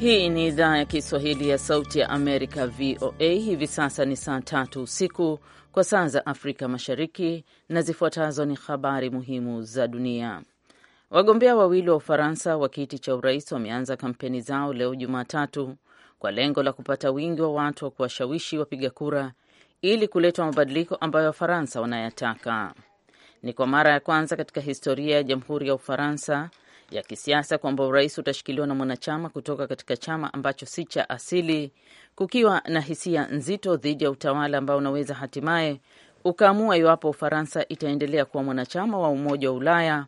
Hii ni idhaa ya Kiswahili ya Sauti ya Amerika, VOA. Hivi sasa ni saa tatu usiku kwa saa za Afrika Mashariki, na zifuatazo ni habari muhimu za dunia. Wagombea wawili wa Ufaransa wa kiti cha urais wameanza kampeni zao leo Jumatatu kwa lengo la kupata wingi wa watu wa kuwashawishi wapiga kura ili kuletwa mabadiliko ambayo Wafaransa wanayataka. Ni kwa mara ya kwanza katika historia ya Jamhuri ya Ufaransa ya kisiasa kwamba urais utashikiliwa na mwanachama kutoka katika chama ambacho si cha asili, kukiwa na hisia nzito dhidi ya utawala ambao unaweza hatimaye ukaamua iwapo Ufaransa itaendelea kuwa mwanachama wa Umoja wa Ulaya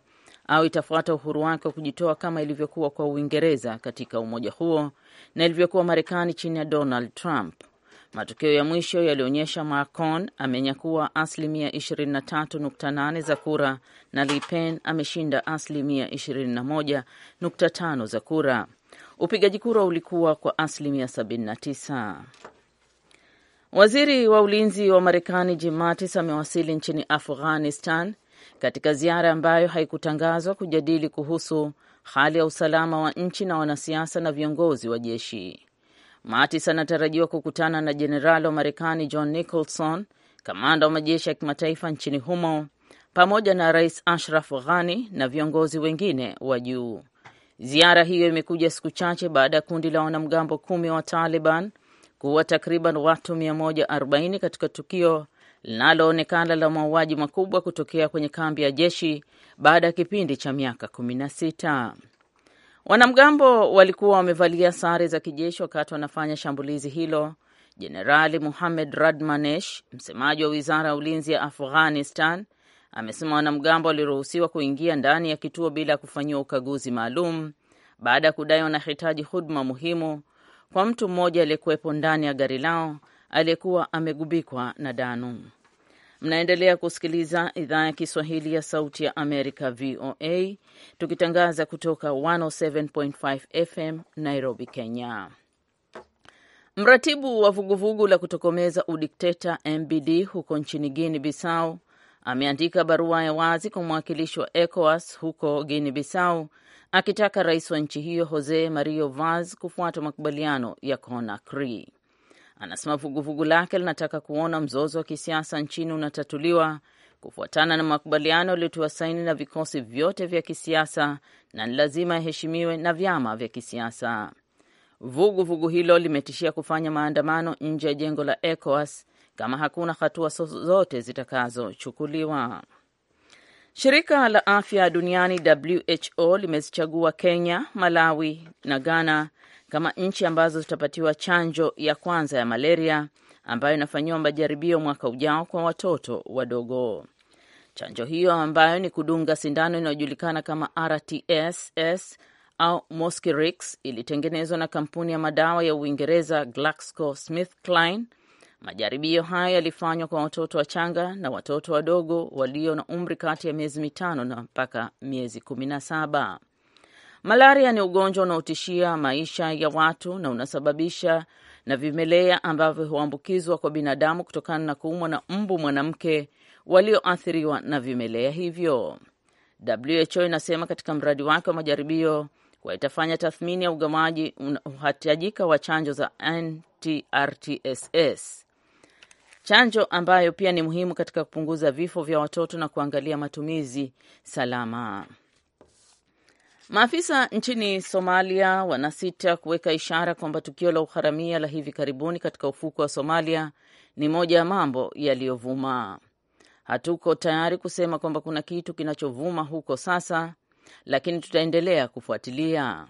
au itafuata uhuru wake wa kujitoa kama ilivyokuwa kwa Uingereza katika umoja huo na ilivyokuwa Marekani chini ya Donald Trump. Matokeo ya mwisho yalionyesha Macron amenyakua asilimia 23.8 za kura na Le Pen ameshinda asilimia 21.5 za kura. Upigaji kura ulikuwa kwa asilimia 79. Waziri wa ulinzi wa Marekani Jim Mattis amewasili nchini Afghanistan katika ziara ambayo haikutangazwa kujadili kuhusu hali ya usalama wa nchi na wanasiasa na viongozi wa jeshi. Mattis anatarajiwa kukutana na jenerali wa Marekani John Nicholson, kamanda wa majeshi ya kimataifa nchini humo, pamoja na Rais Ashraf Ghani na viongozi wengine wa juu. Ziara hiyo imekuja siku chache baada ya kundi la wanamgambo kumi wa Taliban kuwa takriban watu 140 katika tukio linaloonekana la mauaji makubwa kutokea kwenye kambi ya jeshi baada ya kipindi cha miaka 16. Wanamgambo walikuwa wamevalia sare za kijeshi wakati wanafanya shambulizi hilo. Jenerali Muhamed Radmanesh, msemaji wa wizara ya ulinzi ya Afghanistan, amesema wanamgambo waliruhusiwa kuingia ndani ya kituo bila ya kufanyiwa ukaguzi maalum baada ya kudai wanahitaji huduma muhimu kwa mtu mmoja aliyekuwepo ndani ya gari lao aliyekuwa amegubikwa na damu. Mnaendelea kusikiliza idhaa ya Kiswahili ya Sauti ya Amerika, VOA, tukitangaza kutoka 107.5 FM Nairobi, Kenya. Mratibu wa vuguvugu la kutokomeza udikteta MBD huko nchini Guini Bissau ameandika barua ya wazi kwa mwakilishi wa ECOWAS huko Guini Bissau akitaka rais wa nchi hiyo Jose Mario Vaz kufuata makubaliano ya Conakry anasema vuguvugu lake linataka kuona mzozo wa kisiasa nchini unatatuliwa kufuatana na makubaliano yaliyotiwa saini na vikosi vyote vya kisiasa na ni lazima yaheshimiwe na vyama vya kisiasa. Vuguvugu vugu hilo limetishia kufanya maandamano nje ya jengo la ECOWAS kama hakuna hatua zote zitakazochukuliwa. Shirika la afya duniani WHO limezichagua Kenya, Malawi na Ghana kama nchi ambazo zitapatiwa chanjo ya kwanza ya malaria ambayo inafanyiwa majaribio mwaka ujao kwa watoto wadogo. Chanjo hiyo ambayo ni kudunga sindano inayojulikana kama RTSS au Mosquirix ilitengenezwa na kampuni ya madawa ya Uingereza GlaxoSmithKline. Majaribio hayo yalifanywa kwa watoto wachanga na watoto wadogo walio na umri kati ya miezi mitano na mpaka miezi kumi na saba. Malaria ni ugonjwa unaotishia maisha ya watu na unasababisha na vimelea ambavyo huambukizwa kwa binadamu kutokana na kuumwa na mbu mwanamke walioathiriwa na vimelea hivyo. WHO inasema katika mradi wake wa majaribio kuwa itafanya tathmini ya ugawaji unaohitajika wa chanjo za ntrtss chanjo ambayo pia ni muhimu katika kupunguza vifo vya watoto na kuangalia matumizi salama. Maafisa nchini Somalia wanasita kuweka ishara kwamba tukio la uharamia la hivi karibuni katika ufuko wa Somalia ni moja ya mambo yaliyovuma. Hatuko tayari kusema kwamba kuna kitu kinachovuma huko sasa, lakini tutaendelea kufuatilia,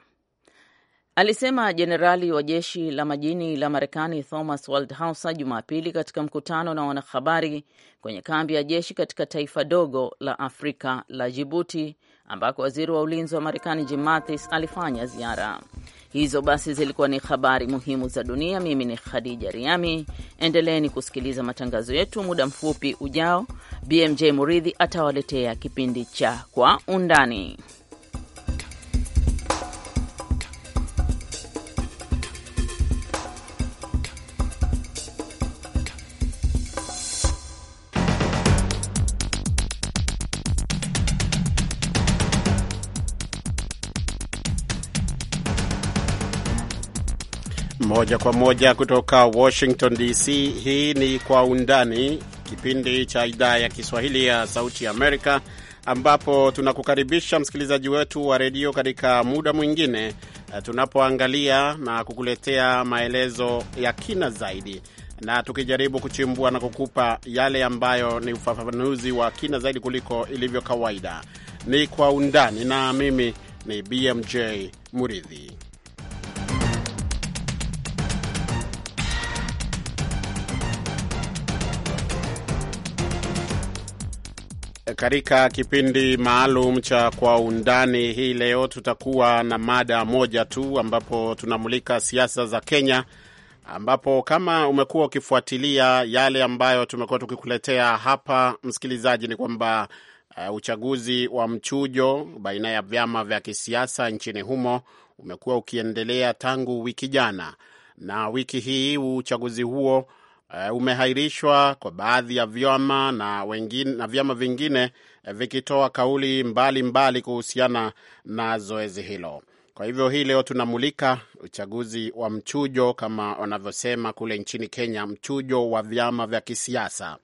alisema jenerali wa jeshi la majini la Marekani Thomas Waldhauser Jumapili katika mkutano na wanahabari kwenye kambi ya jeshi katika taifa dogo la Afrika la Jibuti ambako waziri wa ulinzi wa Marekani Jim Mattis alifanya ziara. Hizo basi zilikuwa ni habari muhimu za dunia. Mimi ni Khadija Riami. Endeleeni kusikiliza matangazo yetu. Muda mfupi ujao, BMJ Muridhi atawaletea kipindi cha Kwa Undani. Moja kwa moja kutoka Washington DC. Hii ni Kwa Undani, kipindi cha idhaa ya Kiswahili ya Sauti Amerika, ambapo tunakukaribisha msikilizaji wetu wa redio katika muda mwingine eh, tunapoangalia na kukuletea maelezo ya kina zaidi na tukijaribu kuchimbua na kukupa yale ambayo ni ufafanuzi wa kina zaidi kuliko ilivyo kawaida. Ni Kwa Undani na mimi ni BMJ Muridhi. katika kipindi maalum cha Kwa Undani hii leo tutakuwa na mada moja tu, ambapo tunamulika siasa za Kenya, ambapo kama umekuwa ukifuatilia yale ambayo tumekuwa tukikuletea hapa, msikilizaji, ni kwamba uh, uchaguzi wa mchujo baina ya vyama vya kisiasa nchini humo umekuwa ukiendelea tangu wiki jana, na wiki hii uchaguzi huo uh, umehairishwa kwa baadhi ya vyama na, wengine, na vyama vingine uh, vikitoa kauli mbalimbali mbali kuhusiana na zoezi hilo. Kwa hivyo hii leo tunamulika uchaguzi wa mchujo kama wanavyosema kule nchini Kenya, mchujo wa vyama vya kisiasa.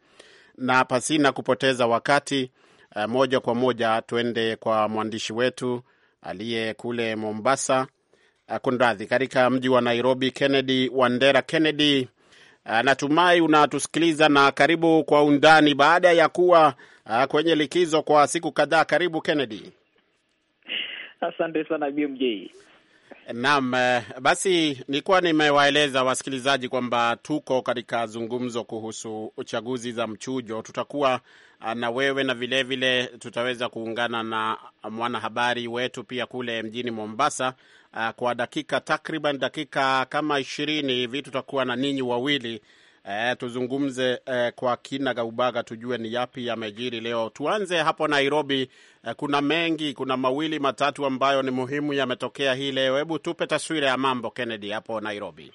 Na pasina kupoteza wakati, uh, moja kwa moja tuende kwa mwandishi wetu aliye kule Mombasa, uh, kunradhi, katika mji wa Nairobi, Kennedy Wandera. Kennedy, Ah, natumai unatusikiliza na karibu kwa undani. Baada ya kuwa ah, kwenye likizo kwa siku kadhaa, karibu Kennedy. Asante sana BMJ. Naam, eh, basi nilikuwa nimewaeleza wasikilizaji kwamba tuko katika zungumzo kuhusu uchaguzi za mchujo. Tutakuwa Ah, na wewe na vilevile vile tutaweza kuungana na mwanahabari wetu pia kule mjini Mombasa ah, kwa dakika takriban dakika kama ishirini hivi, tutakuwa na ninyi wawili eh, tuzungumze eh, kwa kina gaubaga, tujue ni yapi yamejiri leo. Tuanze hapo Nairobi. Eh, kuna mengi, kuna mawili matatu ambayo ni muhimu yametokea hii leo. Hebu tupe taswira ya mambo Kennedy, hapo Nairobi.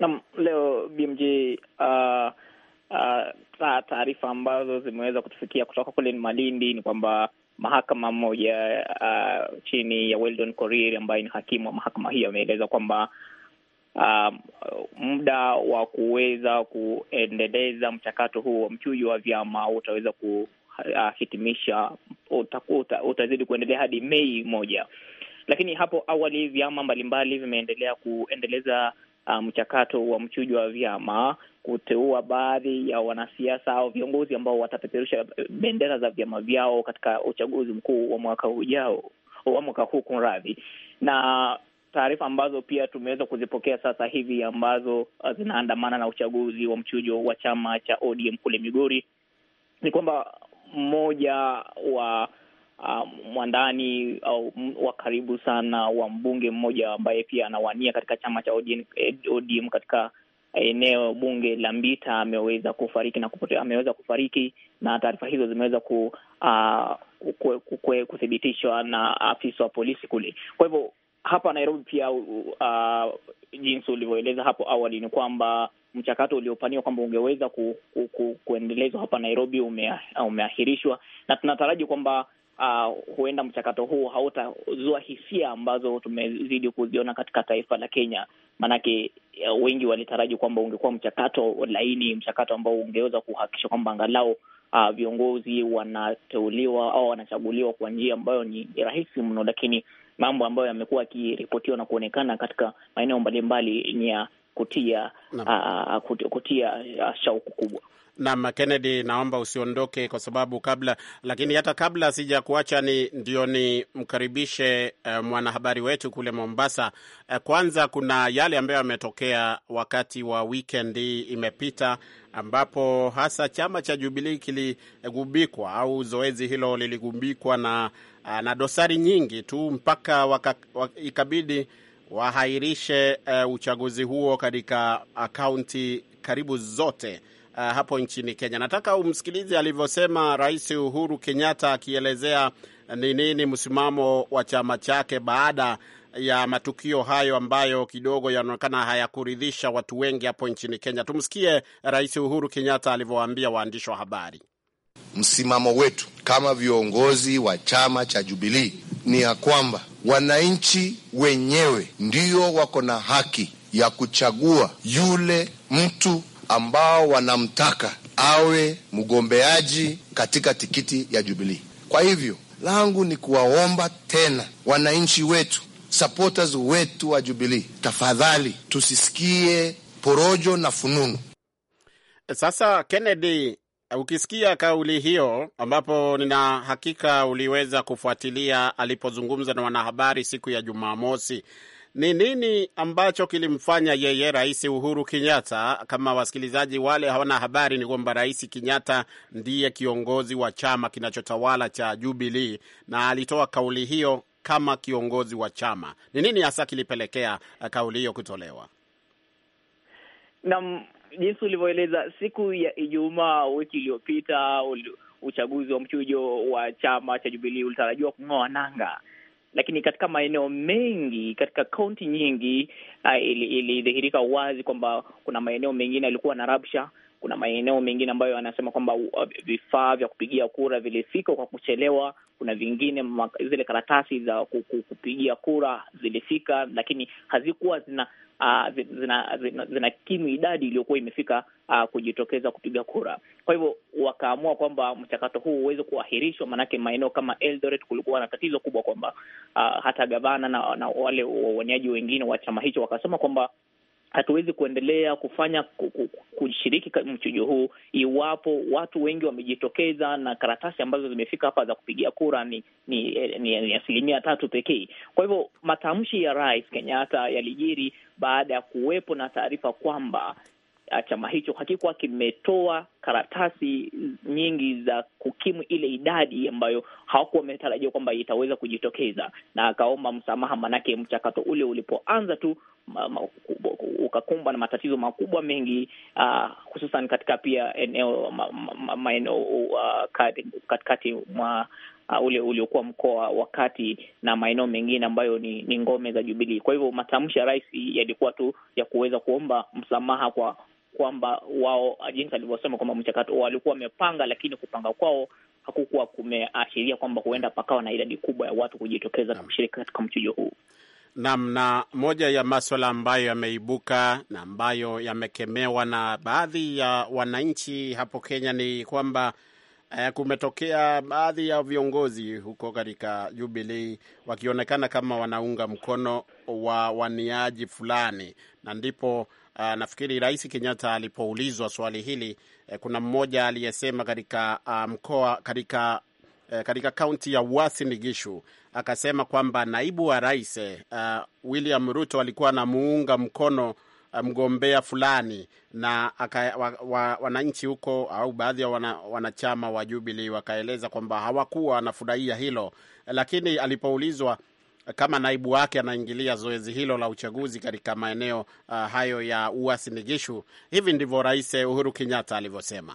Naam, leo BMJ uh... Ah, taarifa ambazo zimeweza kutufikia kutoka kule Malindi ni kwamba mahakama moja uh, chini ya Weldon Korir ambaye ni hakimu wa mahakama hiyo ameeleza kwamba uh, muda wa kuweza kuendeleza mchakato huu wa mchujo wa vyama utaweza kuhitimisha, uh, utakuwa uta, utazidi kuendelea hadi Mei moja, lakini hapo awali vyama mbalimbali vimeendelea kuendeleza Uh, mchakato wa mchujo wa vyama kuteua baadhi ya wanasiasa au viongozi ambao watapeperusha bendera za vyama vyao katika uchaguzi mkuu wa mwaka ujao wa mwaka huu kunradhi, na taarifa ambazo pia tumeweza kuzipokea sasa hivi ambazo uh, zinaandamana na uchaguzi wa mchujo wa chama cha ODM kule Migori ni kwamba mmoja wa uh, mwandani uh, wa karibu sana wa mbunge mmoja ambaye pia anawania katika chama cha ODM, eh, ODM katika eneo bunge la Mbita ameweza kufariki na kupotea, ameweza kufariki na taarifa hizo zimeweza ku, uh, kuthibitishwa na afisa wa polisi kule. Kwa hivyo hapa Nairobi pia uh, jinsi ulivyoeleza hapo awali ni kwamba mchakato uliopaniwa kwamba ungeweza ku, ku, ku, kuendelezwa hapa Nairobi umeahirishwa na tunataraji kwamba uh, huenda mchakato huu hautazua hisia ambazo tumezidi kuziona katika taifa la Kenya. Maanake uh, wengi walitaraji kwamba ungekuwa mchakato laini, mchakato ambao ungeweza kuhakikisha kwamba angalau Uh, viongozi wanateuliwa au wanachaguliwa kwa njia ambayo ni rahisi mno, lakini mambo ambayo yamekuwa yakiripotiwa na kuonekana katika maeneo mbalimbali ni ya kutia uh, kutia shauku kubwa. Naam, Kennedy, naomba usiondoke kwa sababu kabla, lakini hata kabla sija kuacha, ni ndio ni mkaribishe eh, mwanahabari wetu kule Mombasa. Uh, kwanza kuna yale ambayo yametokea wakati wa weekend imepita, ambapo hasa chama cha Jubilee kiligubikwa au zoezi hilo liligubikwa na, eh, na dosari nyingi tu mpaka waka, waka, ikabidi wahairishe uh, uchaguzi huo katika akaunti karibu zote uh, hapo nchini Kenya. Nataka umsikilize alivyosema Rais Uhuru Kenyatta akielezea ni nini msimamo wa chama chake baada ya matukio hayo ambayo kidogo yanaonekana hayakuridhisha watu wengi hapo nchini Kenya. Tumsikie Rais Uhuru Kenyatta alivyowaambia waandishi wa habari. Msimamo wetu kama viongozi wa chama cha Jubilee ni ya kwamba wananchi wenyewe ndio wako na haki ya kuchagua yule mtu ambao wanamtaka awe mgombeaji katika tikiti ya jubilii Kwa hivyo langu ni kuwaomba tena wananchi wetu, supporters wetu wa jubilii tafadhali tusisikie porojo na fununu. Sasa Kennedy, ukisikia kauli hiyo, ambapo nina hakika uliweza kufuatilia alipozungumza na wanahabari siku ya Jumamosi, ni nini ambacho kilimfanya yeye Rais Uhuru Kenyatta? Kama wasikilizaji wale hawana habari, ni kwamba Rais Kenyatta ndiye kiongozi wa chama kinachotawala cha Jubilee na alitoa kauli hiyo kama kiongozi wa chama. Ni nini hasa kilipelekea eh, kauli hiyo kutolewa? Naam, jinsi ulivyoeleza, siku ya Ijumaa wiki iliyopita, uchaguzi wa mchujo wa chama cha Jubilee ulitarajiwa kung'oa nanga lakini katika maeneo mengi, katika kaunti nyingi uh, ah, ilidhihirika ili wazi kwamba kuna maeneo mengine yalikuwa na rabsha kuna maeneo mengine ambayo anasema kwamba uh, vifaa vya kupigia kura vilifika kwa kuchelewa. Kuna vingine zile karatasi za kupigia kura zilifika, lakini hazikuwa zina Uh, zina, kimu zinakimu idadi iliyokuwa imefika uh, kujitokeza kupiga kura. Kwa hivyo wakaamua kwamba mchakato huu uweze kuahirishwa, maanake maeneo kama Eldoret kulikuwa na tatizo kubwa kwamba uh, hata gavana na, na wale wawaniaji wengine wa chama hicho wakasema kwamba hatuwezi kuendelea kufanya kushiriki mchujo huu iwapo watu wengi wamejitokeza na karatasi ambazo zimefika hapa za kupigia kura ni ni, ni, ni asilimia tatu pekee. Kwa hivyo matamshi ya Rais Kenyatta yalijiri baada ya kuwepo na taarifa kwamba ah, chama hicho hakikuwa kimetoa karatasi nyingi za kukimu ile idadi ambayo hawakuwa wametarajia kwamba itaweza kujitokeza, na akaomba msamaha, manake mchakato ule ulipoanza tu ukakumbwa na matatizo makubwa mengi uh, hususan katika pia eneo maeneo uh, katikati mwa uh, ule uliokuwa mkoa wa kati na maeneo mengine ambayo ni, ni ngome za Jubilii. Kwa hivyo matamshi ya rais yalikuwa tu ya kuweza kuomba msamaha kwa kwamba wao ah, jinsi alivyosema kwamba mchakato walikuwa wamepanga, lakini kupanga kwao hakukuwa kumeashiria kwamba huenda pakawa na idadi kubwa ya watu kujitokeza na kushiriki katika mchujo huu. Nam, na moja ya maswala ambayo yameibuka na ambayo yamekemewa na baadhi ya wananchi hapo Kenya ni kwamba eh, kumetokea baadhi ya viongozi huko katika Jubilee wakionekana kama wanaunga mkono wa waniaji fulani, na ndipo eh, nafikiri Rais Kenyatta alipoulizwa swali hili eh, kuna mmoja aliyesema katika ah, mkoa um, katika eh, katika kaunti ya Uasin Gishu akasema kwamba naibu wa rais uh, William Ruto alikuwa anamuunga mkono eh, mgombea fulani na wananchi wa, wa, huko au baadhi ya wana, wanachama wa Jubilee wakaeleza kwamba hawakuwa wanafurahia hilo, lakini alipoulizwa kama naibu wake anaingilia zoezi hilo la uchaguzi katika maeneo uh, hayo ya Uasin Gishu, hivi ndivyo Rais Uhuru Kenyatta alivyosema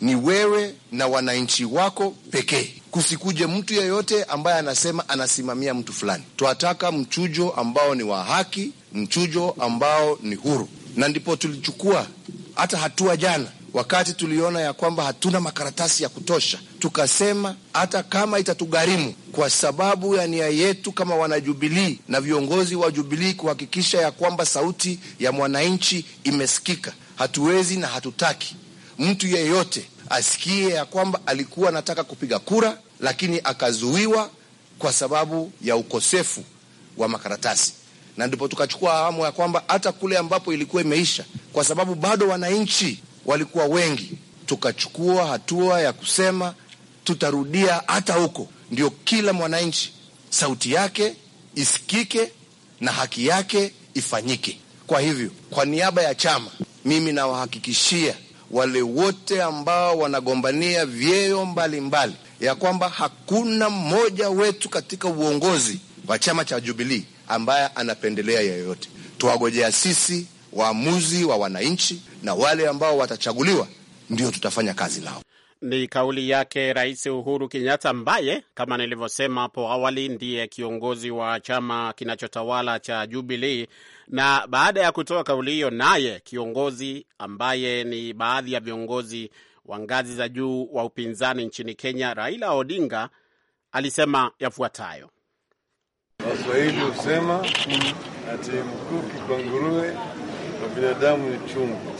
ni wewe na wananchi wako pekee. Kusikuje mtu yeyote ambaye anasema anasimamia mtu fulani. Twataka mchujo ambao ni wa haki, mchujo ambao ni huru, na ndipo tulichukua hata hatua jana wakati tuliona ya kwamba hatuna makaratasi ya kutosha, tukasema hata kama itatugharimu, kwa sababu ya nia yetu kama wanajubilii na viongozi wa Jubilii kuhakikisha ya kwamba sauti ya mwananchi imesikika, hatuwezi na hatutaki mtu yeyote asikie ya kwamba alikuwa anataka kupiga kura lakini akazuiwa kwa sababu ya ukosefu wa makaratasi, na ndipo tukachukua awamu ya kwamba hata kule ambapo ilikuwa imeisha, kwa sababu bado wananchi walikuwa wengi, tukachukua hatua ya kusema tutarudia hata huko, ndio kila mwananchi sauti yake isikike na haki yake ifanyike. Kwa hivyo, kwa niaba ya chama, mimi nawahakikishia wale wote ambao wanagombania vyeo mbalimbali, ya kwamba hakuna mmoja wetu katika uongozi wa chama cha Jubilii ambaye anapendelea yeyote. Tuwagojea sisi waamuzi wa wananchi, na wale ambao watachaguliwa ndio tutafanya kazi lao ni kauli yake Rais Uhuru Kenyatta, ambaye kama nilivyosema hapo awali ndiye kiongozi wa chama kinachotawala cha Jubilee. Na baada ya kutoa kauli hiyo, naye kiongozi ambaye ni baadhi ya viongozi wa ngazi za juu wa upinzani nchini Kenya, Raila Odinga, alisema yafuatayo. Waswahili husema ati mkuki kwa nguruwe, na binadamu ni chungu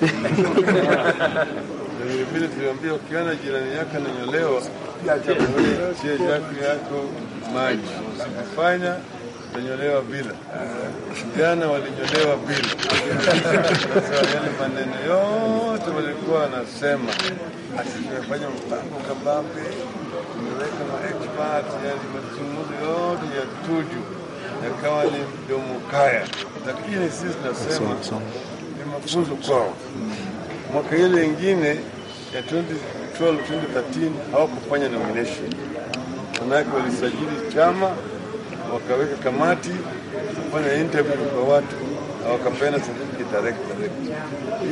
vile vile tuliambia ukiona jirani yako ananyolewa, chie jaku yako maji, usipofanya utanyolewa bila. Vijana walinyolewa bila. Sasa yale yaani maneno yote walikuwa wanasema, asi tumefanya mpango kabambe, tumeweka maexpert, yani mazungumzo yote ya tuju yakawa ni mdomo kaya, lakini sisi tunasema ni mafunzo kwao. Mwaka ile ingine ya 2012 2013 hawakufanya nomination, manake walisajili chama wakaweka kamati kufanya interview kwa watu na wakapeana certificate direct direct.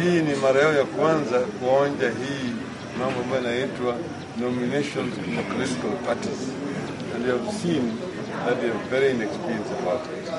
Hii ni mara yao ya kwanza kuonja hii mambo ambayo yanaitwa nomination in political parties and you have seen that they are very inexperienced about it.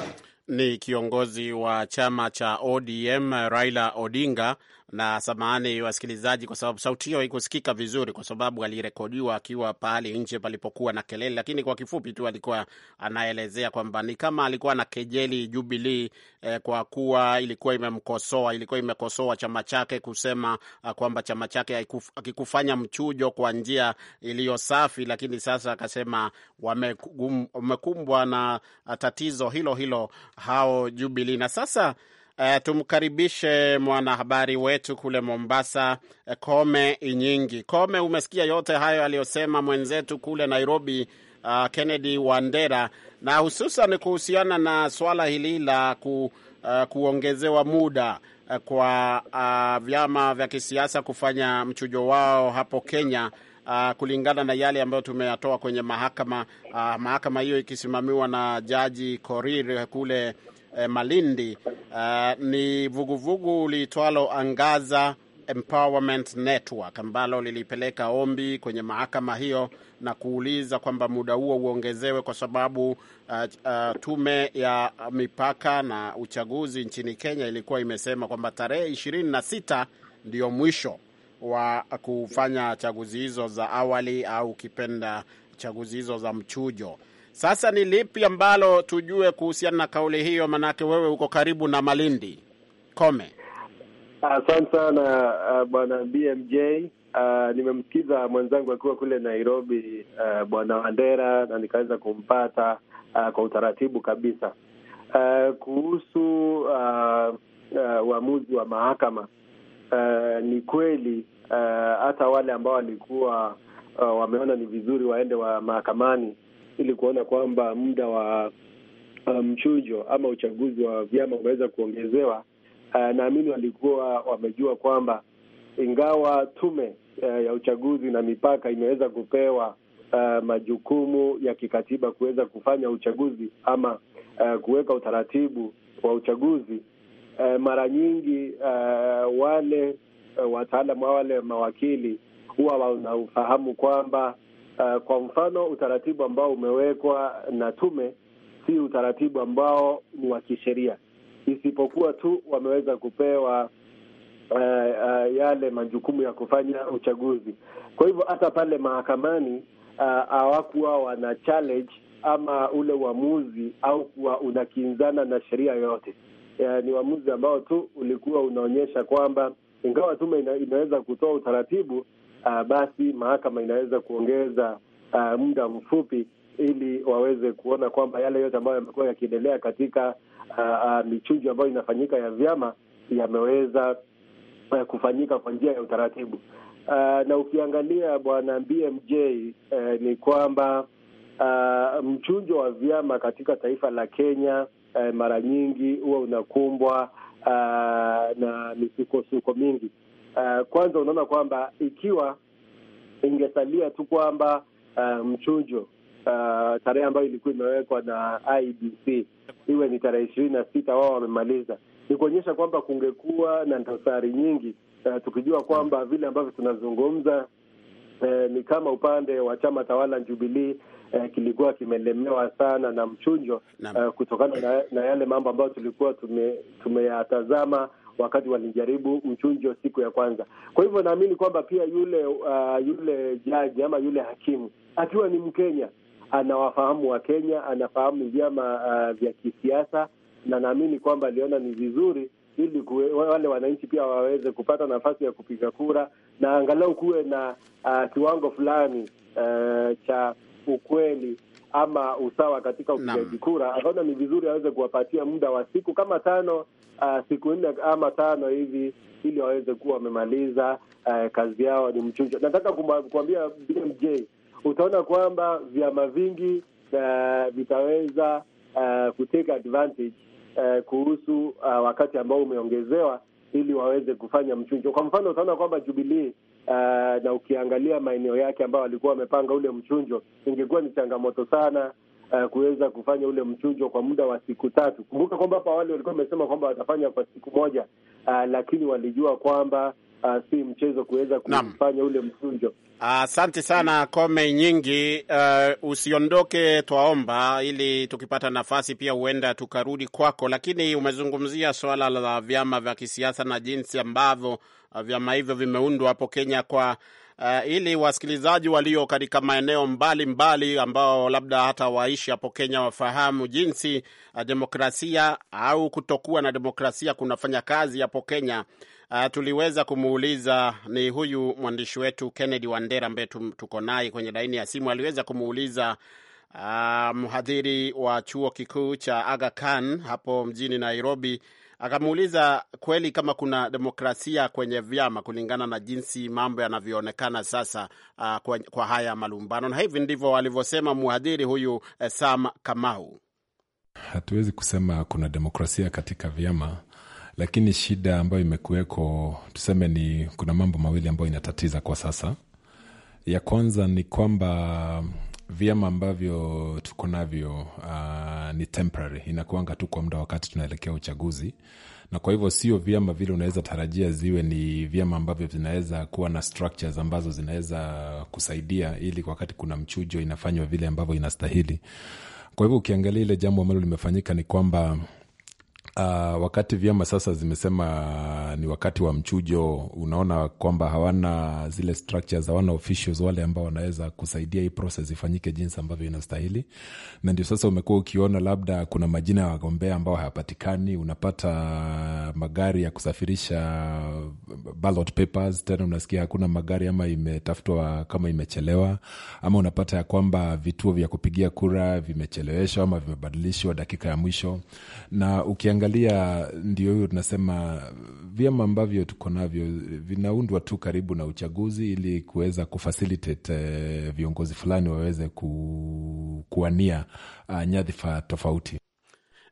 Ni kiongozi wa chama cha ODM Raila Odinga na samahani wasikilizaji, kwa sababu sauti hiyo haikusikika vizuri, kwa sababu alirekodiwa akiwa pahali nje palipokuwa na kelele. Lakini kwa kifupi tu alikuwa anaelezea kwamba ni kama alikuwa na kejeli Jubilee eh, kwa kuwa ilikuwa imemkosoa, ilikuwa imekosoa chama chake kusema ah, kwamba chama chake akikufanya mchujo kwa njia iliyo safi, lakini sasa akasema wamekumbwa na ah, tatizo hilo hilo hao Jubilee na sasa Uh, tumkaribishe mwanahabari wetu kule Mombasa, uh, Kome Inyingi. Kome, umesikia yote hayo aliyosema mwenzetu kule Nairobi, uh, Kennedy Wandera, na hususan kuhusiana na swala hili la ku, uh, kuongezewa muda uh, kwa uh, vyama vya kisiasa kufanya mchujo wao hapo Kenya. Uh, kulingana na yale ambayo tumeyatoa kwenye mahakama uh, mahakama hiyo ikisimamiwa na Jaji Korir kule eh, Malindi uh, ni vuguvugu liitwalo Angaza Empowerment Network ambalo lilipeleka ombi kwenye mahakama hiyo na kuuliza kwamba muda huo uongezewe kwa sababu uh, uh, tume ya mipaka na uchaguzi nchini Kenya ilikuwa imesema kwamba tarehe ishirini na sita ndiyo mwisho wa kufanya chaguzi hizo za awali au kipenda chaguzi hizo za mchujo. Sasa ni lipi ambalo tujue kuhusiana na kauli hiyo? Maanake wewe uko karibu na Malindi Kome. Asante sana uh, bwana BMJ. Uh, nimemsikiza mwenzangu akiwa kule Nairobi, uh, bwana Wandera, na nikaweza kumpata uh, kwa utaratibu kabisa uh, kuhusu uh, uh, uamuzi uh, wa mahakama uh, ni kweli uh, hata uh, wale ambao walikuwa uh, wameona ni vizuri waende wa mahakamani ili kuona kwamba muda wa um, mchujo um, ama uchaguzi wa vyama umeweza kuongezewa. Uh, naamini walikuwa wamejua kwamba ingawa tume uh, ya uchaguzi na mipaka imeweza kupewa uh, majukumu ya kikatiba kuweza kufanya uchaguzi ama uh, kuweka utaratibu wa uchaguzi uh, mara nyingi uh, wale uh, wataalamu wale mawakili huwa wanaofahamu kwamba Uh, kwa mfano utaratibu ambao umewekwa na tume si utaratibu ambao ni wa kisheria, isipokuwa tu wameweza kupewa uh, uh, yale majukumu ya kufanya uchaguzi. Kwa hivyo hata pale mahakamani uh, hawakuwa uh, wana challenge ama ule uamuzi au kuwa unakinzana na sheria yoyote. Uh, ni uamuzi ambao tu ulikuwa unaonyesha kwamba ingawa tume ina, inaweza kutoa utaratibu uh, basi mahakama inaweza kuongeza uh, muda mfupi ili waweze kuona kwamba yale yote ambayo yamekuwa yakiendelea katika uh, uh, michujo ambayo inafanyika ya vyama yameweza uh, kufanyika kwa njia ya utaratibu. Uh, na ukiangalia bwana BMJ uh, eh, ni kwamba uh, mchujo wa vyama katika taifa la Kenya uh, mara nyingi huwa unakumbwa uh, na misukosuko mingi uh, kwanza unaona kwamba ikiwa ingesalia tu kwamba uh, mchujo uh, tarehe ambayo ilikuwa imewekwa na IBC iwe ni tarehe ishirini na sita, wao wamemaliza, ni kuonyesha kwamba kungekuwa na dosari nyingi uh, tukijua kwamba vile ambavyo tunazungumza uh, ni kama upande wa chama tawala jubilii Eh, kilikuwa kimelemewa sana na mchunjo eh, kutokana na, na yale mambo ambayo tulikuwa tume, tumeyatazama wakati walijaribu mchunjo siku ya kwanza. Kwa hivyo naamini kwamba pia yule uh, yule jaji ama yule hakimu akiwa ni Mkenya anawafahamu Wakenya, anafahamu vyama uh, vya kisiasa, na naamini kwamba aliona ni vizuri ili kue, wale wananchi pia waweze kupata nafasi ya kupiga kura na angalau kuwe na uh, kiwango fulani uh, cha ukweli ama usawa katika upigaji kura. Akaona ni vizuri aweze kuwapatia muda wa siku kama tano uh, siku nne ama tano hivi ili waweze kuwa wamemaliza uh, kazi yao. Ni mchujo. Nataka kuambia BMJ, utaona kwamba vyama vingi uh, vitaweza uh, eh, kuteka advantage uh, kuhusu uh, wakati ambao umeongezewa ili waweze kufanya mchujo. Kwa mfano, utaona kwamba Jubilee Uh, na ukiangalia maeneo yake ambayo walikuwa wamepanga ule mchunjo, ingekuwa ni changamoto sana uh, kuweza kufanya ule mchujo kwa muda wa siku tatu. Kumbuka kwamba hapo awali walikuwa wamesema kwamba watafanya kwa siku moja, uh, lakini walijua kwamba Uh, si mchezo kuweza kufanya ule mchujo. Asante uh, sana kome nyingi. Uh, usiondoke twaomba, ili tukipata nafasi pia huenda tukarudi kwako, lakini umezungumzia swala la vyama vya kisiasa na jinsi ambavyo vyama hivyo vimeundwa hapo Kenya kwa uh, ili wasikilizaji walio katika maeneo mbalimbali mbali ambao labda hata waishi hapo Kenya wafahamu jinsi uh, demokrasia au kutokuwa na demokrasia kunafanya kazi hapo Kenya. Uh, tuliweza kumuuliza ni huyu mwandishi wetu Kennedy Wandera ambaye tuko naye kwenye laini ya simu, aliweza kumuuliza uh, mhadhiri wa chuo kikuu cha Aga Khan hapo mjini Nairobi akamuuliza kweli kama kuna demokrasia kwenye vyama kulingana na jinsi mambo yanavyoonekana sasa, uh, kwa, kwa haya malumbano, na hivi ndivyo alivyosema mhadhiri huyu eh, Sam Kamau. Hatuwezi kusema kuna demokrasia katika vyama, lakini shida ambayo imekuweko tuseme ni kuna mambo mawili ambayo inatatiza kwa sasa. Ya kwanza ni kwamba vyama ambavyo tuko navyo uh, ni temporary, inakuanga tu kwa muda wakati tunaelekea uchaguzi, na kwa hivyo sio vyama vile unaweza tarajia ziwe ni vyama ambavyo vinaweza kuwa na structures ambazo zinaweza kusaidia ili wakati kuna mchujo inafanywa vile ambavyo inastahili. Kwa hivyo ukiangalia ile jambo ambalo limefanyika ni kwamba Uh, wakati vyama sasa zimesema ni wakati wa mchujo, unaona kwamba hawana zile structures, hawana officials wale ambao wanaweza kusaidia hii process ifanyike jinsi ambavyo inastahili, na ndio sasa umekuwa ukiona labda kuna majina ya wagombea ambao hayapatikani. Unapata magari ya kusafirisha ballot papers, tena unasikia hakuna magari ama imetafutwa kama imechelewa, ama unapata ya kwamba vituo vya kupigia kura vimecheleweshwa ama vimebadilishwa dakika ya mwisho, na ukiangalia ukiangalia ndio hiyo tunasema vyama ambavyo tuko navyo vinaundwa tu karibu na uchaguzi ili kuweza kufacilitate uh, viongozi fulani waweze ku, kuwania uh, nyadhifa tofauti.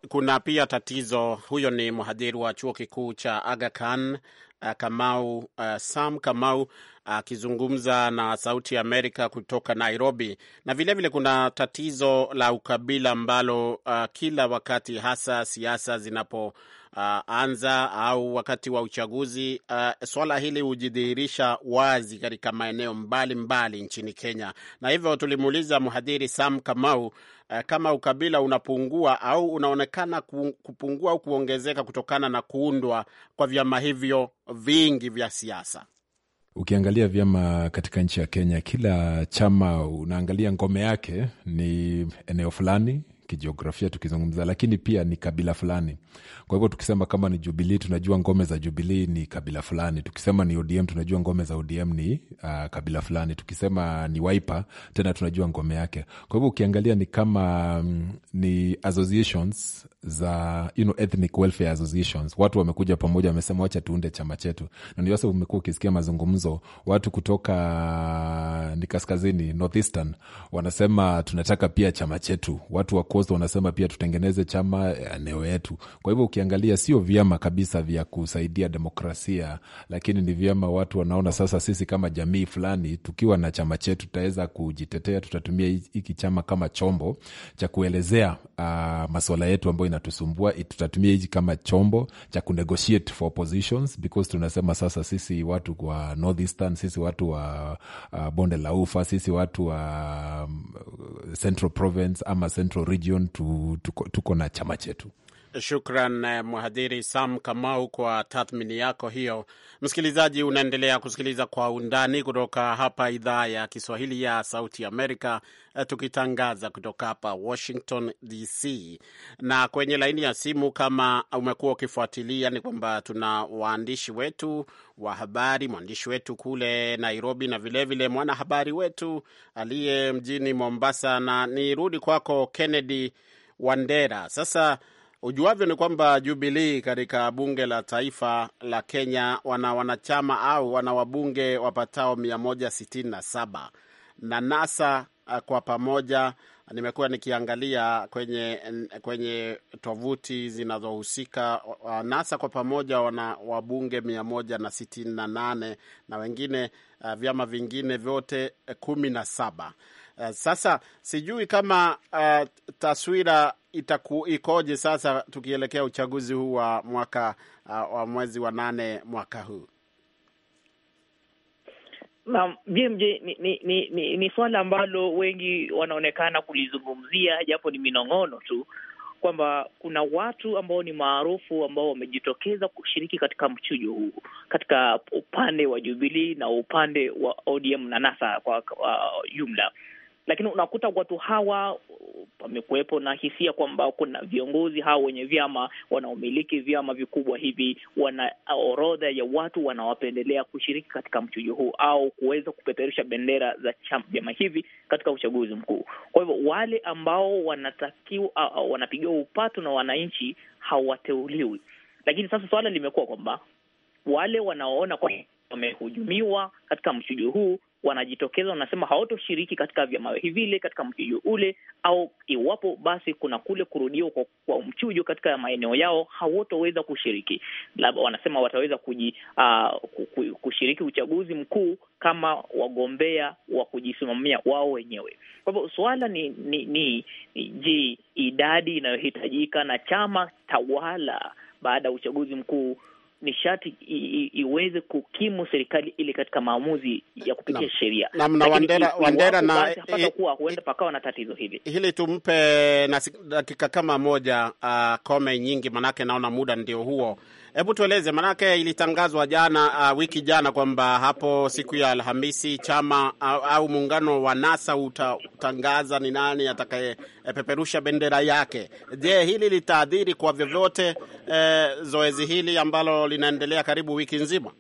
Kuna pia tatizo, huyo ni mhadhiri wa chuo kikuu cha Aga Khan uh, Kamau uh, Sam Kamau akizungumza na Sauti ya Amerika kutoka Nairobi. Na vilevile vile kuna tatizo la ukabila ambalo uh, kila wakati hasa siasa zinapo Uh, anza au wakati wa uchaguzi uh, swala hili hujidhihirisha wazi katika maeneo mbalimbali mbali nchini Kenya, na hivyo tulimuuliza mhadhiri Sam Kamau uh, kama ukabila unapungua au unaonekana kupungua au kuongezeka kutokana na kuundwa kwa vyama hivyo vingi vya siasa. Ukiangalia vyama katika nchi ya Kenya, kila chama unaangalia ngome yake ni eneo fulani kijiografia tukizungumza, lakini pia ni kabila fulani. Kwa hivyo tukisema kama ni Jubilii, tunajua ngome za Jubilii ni kabila fulani. Tukisema ni ODM, tunajua ngome za ODM ni uh, kabila fulani. Tukisema ni Wiper, tena tunajua ngome yake. Kwa hivyo ukiangalia ni kama um, ni associations za you know, ethnic welfare associations. Watu wamekuja pamoja, wamesema wacha tuunde chama chetu, na ndio sasa umekuwa ukisikia mazungumzo, watu kutoka uh, ni kaskazini northeastern wanasema tunataka pia chama chetu, watu waku Coast wanasema pia tutengeneze chama eneo yetu. Kwa hivyo ukiangalia, sio vyama kabisa vya kusaidia demokrasia, lakini ni vyama watu wanaona sasa, sisi kama jamii fulani, tukiwa na chama chetu tutaweza kujitetea, tutatumia hiki chama kama chombo cha kuelezea uh, ah, masuala yetu ambayo inatusumbua, tutatumia hiki kama chombo cha kunegotiate for positions because tunasema sasa sisi watu wa Northeastern, sisi watu wa uh, bonde la ufa, sisi watu wa um, Central Province ama Central Region region tu, tuko, tuko na chama chetu Shukran eh, mhadhiri Sam Kamau kwa tathmini yako hiyo. Msikilizaji, unaendelea kusikiliza Kwa Undani kutoka hapa idhaa ya Kiswahili ya Sauti Amerika, eh, tukitangaza kutoka hapa Washington DC. Na kwenye laini ya simu, kama umekuwa ukifuatilia, ni kwamba tuna waandishi wetu wa habari, mwandishi wetu kule Nairobi na vilevile mwanahabari wetu aliye mjini Mombasa. Na nirudi kwako Kennedy Wandera sasa. Ujuavyo ni kwamba Jubilii katika bunge la taifa la Kenya wana wanachama au wana wabunge wapatao 167 na NASA eh, kwa pamoja, nimekuwa nikiangalia kwenye kwenye tovuti zinazohusika. Eh, NASA kwa pamoja wana wabunge 168 na wengine eh, vyama vingine vyote 17. Sasa sijui kama uh, taswira itaku, ikoje sasa tukielekea uchaguzi huu wa mwaka uh, wa mwezi wa nane mwaka huu? Naam, BMJ ni, ni, ni, ni, ni suala ambalo wengi wanaonekana kulizungumzia, japo ni minong'ono tu kwamba kuna watu ambao ni maarufu ambao wamejitokeza kushiriki katika mchujo huu katika upande wa Jubilii na upande wa ODM na NASA kwa uh, jumla. Lakini unakuta watu hawa pamekuwepo uh, na hisia kwamba kuna viongozi hawa wenye vyama wanaomiliki vyama vikubwa hivi wana uh, orodha ya watu wanawapendelea kushiriki katika mchujo huu au kuweza kupeperusha bendera za vyama hivi katika uchaguzi mkuu. Kwa hivyo wale ambao wanatakiwa uh, wanapigiwa upato na wananchi hawateuliwi. Lakini sasa swala limekuwa kwamba wale wanaoona kwa wamehujumiwa katika mchujo huu wanajitokeza wanasema hawatoshiriki katika vyama hivile katika mchujo ule, au iwapo basi kuna kule kurudiwa kwa, kwa mchujo katika maeneo yao hawatoweza kushiriki. Labda wanasema wataweza kuji, uh, kushiriki uchaguzi mkuu kama wagombea wa kujisimamia wao wenyewe. Kwa hivyo suala ni, ni, ni je, idadi inayohitajika na chama tawala baada ya uchaguzi mkuu ni iweze kukimu serikali ile katika maamuzi ya kupitia sheria. Na Wandera, Wandera na kuwa huenda pakawa na tatizo hili hili. Tumpe na dakika kama moja uh, kome nyingi, manake naona muda ndio huo. Hebu tueleze, manake ilitangazwa jana uh, wiki jana kwamba hapo siku ya Alhamisi chama au, au muungano wa NASA utatangaza ni nani atakayepeperusha eh, bendera yake. Je, hili litaadhiri kwa vyovyote uh, zoezi hili ambalo linaendelea karibu wiki nzima.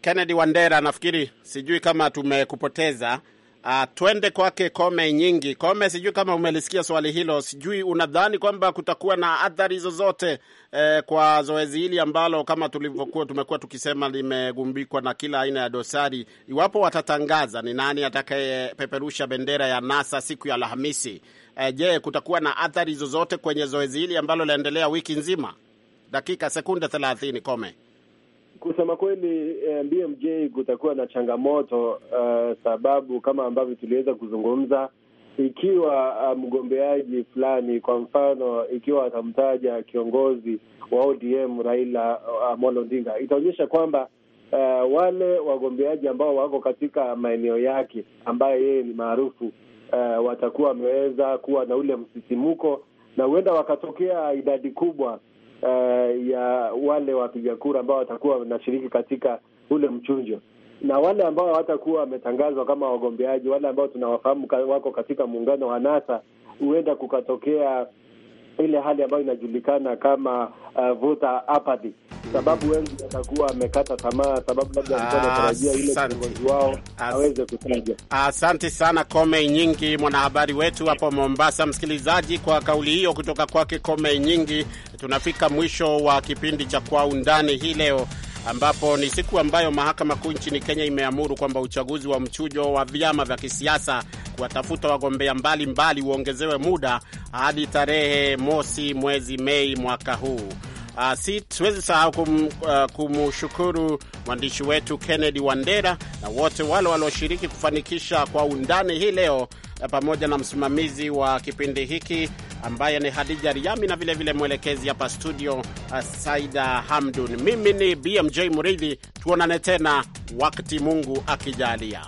Kennedy Wandera, nafikiri sijui kama tumekupoteza. Uh, twende kwake Kome Nyingi. Kome, sijui kama umelisikia swali hilo, sijui unadhani kwamba kutakuwa na athari zozote eh, kwa zoezi hili ambalo kama tulivyokuwa tumekuwa tukisema limegumbikwa na kila aina ya dosari, iwapo watatangaza ni nani atakayepeperusha bendera ya NASA siku ya Alhamisi. Eh, je, kutakuwa na athari zozote kwenye zoezi hili ambalo linaendelea wiki nzima? Dakika sekunde thelathini, Kome. Kusema kweli eh, BMJ, kutakuwa na changamoto uh, sababu kama ambavyo tuliweza kuzungumza, ikiwa uh, mgombeaji fulani, kwa mfano, ikiwa atamtaja kiongozi wa ODM Raila ah, Amolo Odinga, itaonyesha kwamba uh, wale wagombeaji ambao wako katika maeneo yake ambayo yeye ni maarufu uh, watakuwa wameweza kuwa na ule msisimuko na huenda wakatokea idadi kubwa uh, ya wale wapiga kura ambao watakuwa wanashiriki katika ule mchunjo, na wale ambao hawatakuwa wametangazwa kama wagombeaji, wale ambao tunawafahamu wako katika muungano wa NASA, huenda kukatokea ile hali ambayo inajulikana kama uh, voter apathy sababu wengi watakuwa amekata tamaa, sababu labda alikuwa ah, ile kiongozi wao aweze kutaja. Asante sana Kome Nyingi, mwanahabari wetu hapo Mombasa. Msikilizaji, kwa kauli hiyo kutoka kwake Kome Nyingi, tunafika mwisho wa kipindi cha Kwa Undani hii leo ambapo ni siku ambayo mahakama kuu nchini Kenya imeamuru kwamba uchaguzi wa mchujo wa vyama vya kisiasa kuwatafuta wagombea mbalimbali uongezewe muda hadi tarehe mosi mwezi Mei mwaka huu. Uh, ah, siwezi sahau kum, uh, ah, kumshukuru mwandishi wetu Kennedy Wandera na wote wale walioshiriki kufanikisha kwa undani hii leo, eh, pamoja na msimamizi wa kipindi hiki ambaye ni Hadija Riami na vilevile mwelekezi hapa studio uh, Saida Hamdun. Mimi ni BMJ Muridhi, tuonane tena wakati Mungu akijalia.